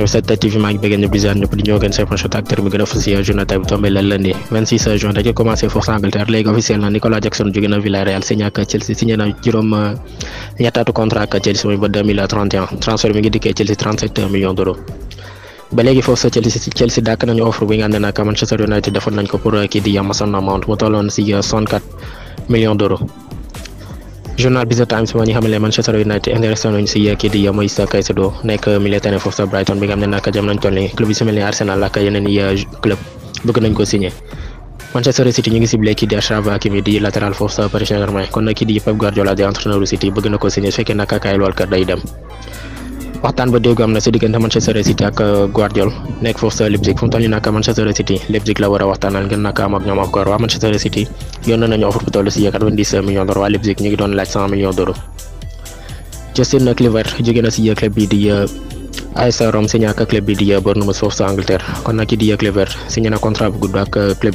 7 TV ngi bëggee ñëpp di ziar ñëpp di ñëw gën seen prochain acteur gën a fës si journée tey bi tombé le lundi 26 juin dañu commencé force léegi officiel na Jackson juróom euh, ñettaatu contrat Chelsea ba 2031 transfert ngi dikkee Chelsea 37 millions ba léegi foofu sa Chelsea Chelsea dàkk nañu offre bi nga ànd nak Manchester United defoon nañ ko pour euh, kii di Mason Mount mu tolloon si 64 euh, millions journal Bizot Times moo ñu xamal Manchester United intéressé nañu si kii di Moisés Caicedo nekk milieu terrain Brighton bi nga xam ne nag jam ni club yi su Arsenal ak yeneen yi euh, club bëgg nañ ko signé Manchester City ñu ngi ciblé kii di Achraf Hakimi di latéral foofu sa Paris Saint-Germain kon nag kii di Pep Guardiola di entraîneur City bëgg na ko signé su fekkee nag Kyle Walker day dem waxtaan ba déggoo am na si diggante Manchester City ak euh, Guardiola nekk foofu sa Leipzig fu mu toll City Leipzig la war a waxtaanal ngeen nag am ak ñoom accord waa Manchester City yónnee nañu offre bu toll si 90 millions d'euros waa Leipzig ñu ngi doon laaj 100 millions d'euros Justin Kluivert na si club bi di euh, AS Rome signé ak club bi di euh, Bournemouth foofu sa Angleterre kon nag ki di Kluivert signé na contrat bu gudd ak club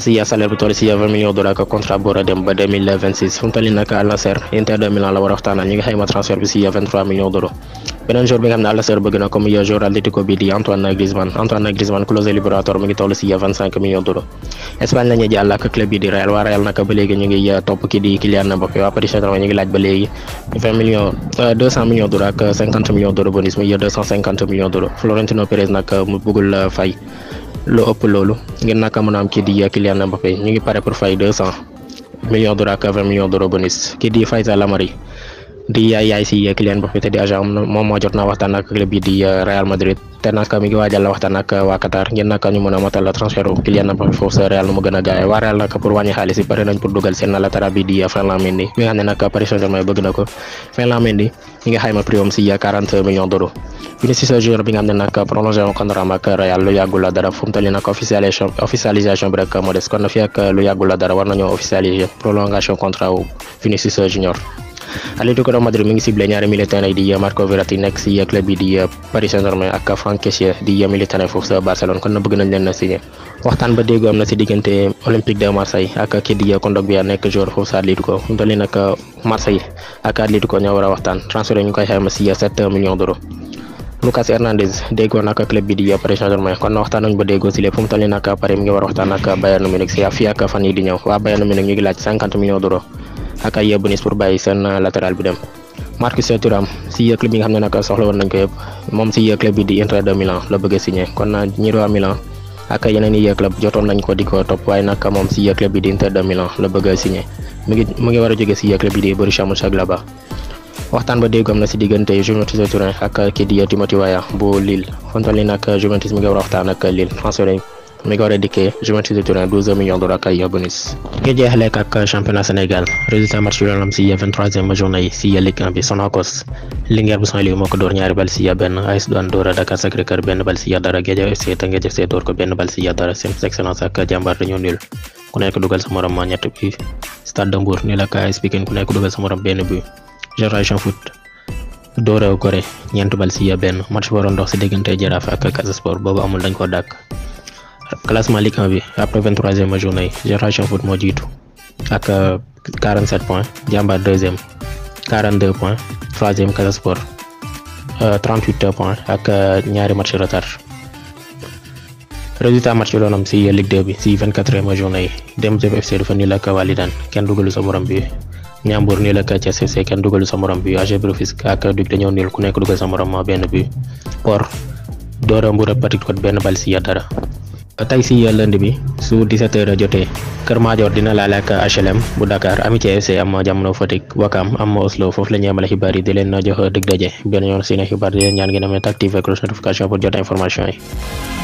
si salaire bu toll si 20 millions ak contrat bu ba 2026 fu mu toll nii nag Inter de Milan la war a waxtaanal ñi nga xayma transfert bi si 23 millions beneen joueur bi nga xam ne Al bëgg na comme joueur Atlético bi di Antoine Griezmann Antoine Griezmann clause libératoire mu ngi toll si 25 millions Espagne la ñuy jàll club bi di Real waa Real nag ba léegi ñu ngi euh, topp kii di Kylian Mbappé waa Paris saint lu ëpp loolu ngir naka mën a am Kiddi ak Kylian Mbappé ñu ngi pare pour fay deux cent millions d'euros ak vingt millions d'euros bonus di fay la Lamari di yaay yaay si Kylian Mbappé te di agent moom moo jot na waxtaan ak club bi di euh, Real Madrid. te nag mi ngi waajal waxtaan ak waa Qatar ngir nag ñu mën a matal transfert bu Kylian Mbappé foofu sa Real nu mu gën a gaawe waa Real nag pour wàññi xaalis pare nañ pour dugal seen latéral bi di Ferland Mendy mi nga xam ne nag Paris Saint-Germain bëgg na ko Ferland Mendy mi xayma prix si 40 millions d'euros Vinicius Junior bi nga xam ne nag prolongé woon ak Real lu yàggul dara fu mu toll bi rek moo des Atlético de Madrid mi ngi ciblé ñaari milieu terrain di Marco Verratti nekk ci club bi di euh, Paris saint ak Franck Kessié di milieu terrain foofu sa Barcelone kon na bëgg nañ leen na signé de Marseille ak kii di euh, ak Atlético ñoo war a waxtaan euh, Paris Saint-Germain kon waxtaan ba déggoo si lépp fu mu toll nii Paris mi ngi war a waxtaan ak Bayern Munich si fii ak fan yii di ñëw waa Bayern Munich ñu ngi laaj cinquante millions d'euros ak ay bonus pour bàyyi seen euh, latéral bi dem Marcus Thuram si club bi nga xam ne nag soxla woon nañ ko yëpp moom si club bi di Inter de Milan la bëgg a signé kon euh, ñi waa ko di ko topp waaye nag moom si club a signé mu ngi war a jóge si club bi di Borussia Mönchengladbach waxtaan ba déggoo am na si diggante Juventus Turin ak kii di Timothy Weah bu Lille fontoon li nag Juventus ngi war a waxtaan ak Lille transfert mi ngi war a dikkee Juventus de Turin 12 millions de dollars championnat Sénégal résultat match yu am si ya 23 journée yi si ya Ligue 1 bi Sonacos Linguère bu Saint-Louis moo ko door ñaari bal si ya benn AS Douane door a Dakar Sacré-Cœur benn bal si ya dara Guédiawaye FC Teungueth FC door ko benn bal si dara Sens Excellence ak Jàmbaar dañoo nul ku nekk dugal sa morom ñett bi Stade de Mbour nul ak AS ku nekk dugal sa benn bi classement Ligue 1 bi après vingt a journée yi Génération Foot moo jiitu ak euh, quarante sept points Diambar deuxième quarante deux points troisième Casa Sport euh, trente huit points ak euh, ñaari match retard résultat match yi doon am si Ligue bi si vingt quatrième journée yi Dem Jëf FC dafa nii la ak Walidaan kenn dugalu sa morom bi Ñambur nii la ak Thiès FC kenn dugalu sa morom bi AG Rufisque ak Duc dañoo niil ku nekk dugal sa morom benn bi Port Dora Mbour dara. tey si lundi bi su 17h jotee Kër Madior dina laale ak HLM bu Dakar Amitié FC am jamono Fatick Wakam am Oslo foofu la ñuy amale xibaar yi di leen jox dig daje benn yoon si ne xibaar di leen ñaan ngeen amee activer cloche notification pour jot information yi.